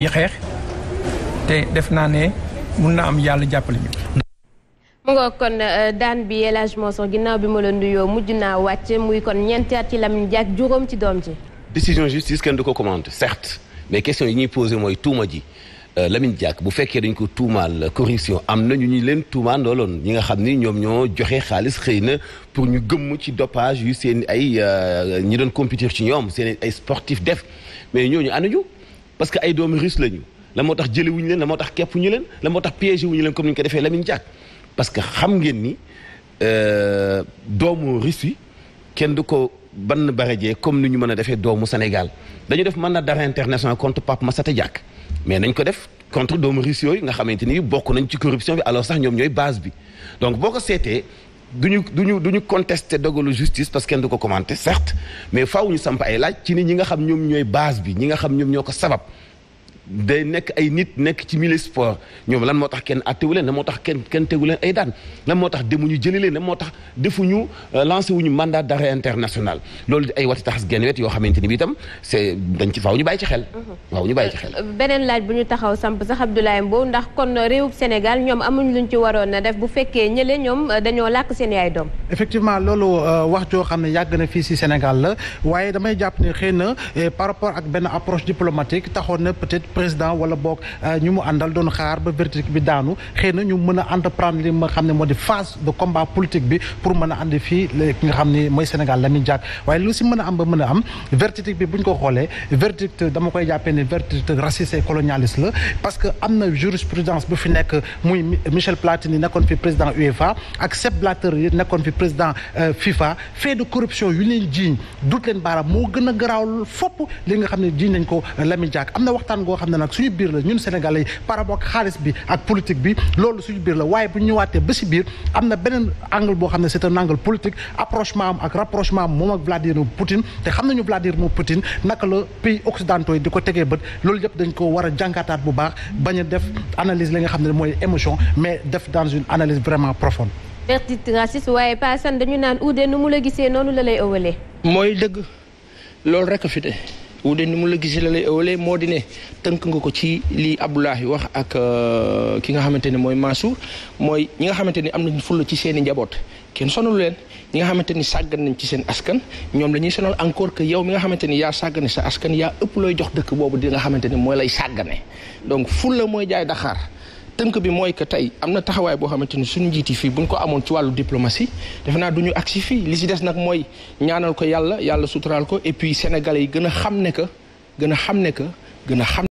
yi xeex te def naa ne mun na am yàlla jàppale ñu. mu nga kon euh, daan bi El Hadj ginnaaw bi ma la nuyoo mujj naa wàcce muy kon ñeenti at ci Lamine Diack juróom ci doom ci décision justice kenn du ko commande certes mais question yi ñuy posé mooy tuuma ji euh, Lamine Diack bu fekkee dañ ko tuumaal euh, corruption am na ñu ñuy leen tuumaandooloon ñi nga xam ni ñoom ñoo joxe xaalis xëy na pour ñu gëmm ci dopage yu seen ay ñi doon compétir ci ñoom seen ay sportif def mais ñooñu ànduñu. parce que ay doomi russe lañu la moo tax jële wuñu leen la moo tax kepp ñu leen la moo tax piégé wuñu leen comme ni ñu ko defee Lamine Diack parce que xam ngeen ni euh, doomu russe yi kenn du ko ban jee comme ni ñu mën a defee doomu Sénégal dañu def mandat d'arrêt international contre Pape Massata Diack mais nañ ko def contre doomu russe yooyu nga xamante ni bokk nañ ci corruption bi alors sax ñoom ñooy base bi donc boo ko seetee duñu duñu du ñu contester dogalu justice parce que kenn du ko commenter certes mais faaw ñu samp ay laaj ci ni ñi nga xam ñoom ñooy base bi ñi nga xam ñoom ñoo ko sabab day nekk ay nit nekk ci milieu sport ñoom lan moo tax kenn attewu leen lan moo tax kenn kenn tegu leen ay daan lan moo tax demuñu jëli leen lan moo tax defuñu euh, lancé wuñu mandat d'arrêt international loolu ay wati taxas genn wet yoo xamante ni bi itam c'est dañ ci ñu bàyyi ci waaw ñu bàyyi ci xel mhm. euh, beneen laaj bu ñu taxaw samp sax Abdoulaye Mbow ndax kon réewub Sénégal ñoom amuñ luñ ci waroon na def bu fekkee ñële ñoom euh, dañoo làkk seen yaay doom effectivement loolu wax joo xam ne yàgg na fii si Sénégal la waaye damay jàpp ne xëy na eh, par rapport ak benn approche diplomatique taxoon na peut-être président wala boog euh, ñu mu àndal doon xaar ba verdict bi daanu xëy ñu mën a entreprendre li ma xam ne moo phase de combat politique bi pour mën a àndi fii ki nga xam ne mooy Sénégal Lamine waaye lu si mën a am ba mën a am verdict bi buñ ko xoolee verdict dama koy jàppee ne verdict raciste et colonialiste la parce que am na jurisprudence bu fi nekk muy Michel Platini nekkoon fi président UEFA ak Sepp Blatter nekkoon fi président euh, FIFA fait de corruption xam nag suñu biir la ñun sénégalais yi par ak xaalis bi ak politique bi loolu suñu biir la waaye bu ñu ñëwaatee ba si biir am na beneen angle boo xam ne c'est un angle politique approchement am ak rapprochement am moom ak Vladimir Poutine te xam nañu Vladimir Poutine naka la pays occidentaux di ko tegee bët loolu yëpp dañ ko war a jàngaataat bu baax bañ a def analyse li nga xam ne mooy émotion mais def dans une analyse vraiment profonde verdict raciste waaye Pa Assane dañu naan uude nu mu la gisee noonu la lay ëwalee mooy dëgg loolu rek fi de wu de ni mu la gisee la lay moo dine tënk nga ko ci li Abdoulahi wax ak euh, ki nga xamante ne mooy Mansour mooy ñi nga xamante ni am nañ fulla ci seen i njaboot kenn sonalu leen ñi nga xamante ni sàggan nañ ci seen askan ñoom la ñuy sonal encore que yow mi nga xamante ni yaa sàggane sa askan yaa ëpp looy jox dëkk boobu di nga xamante ni mooy lay sàggane donc fulla mooy jaay daxaar tënk bi mooy que tey am na taxawaay boo xamante ni suñu njiit fii bu buñ ko amoon ci wàllu diplomatie defe naa du ñu agsi fii li si des nag mooy ñaanal ko yàlla yàlla suturaal ko et puis sénégalais yi gën a xam ne que gën a xam ne que gën a xam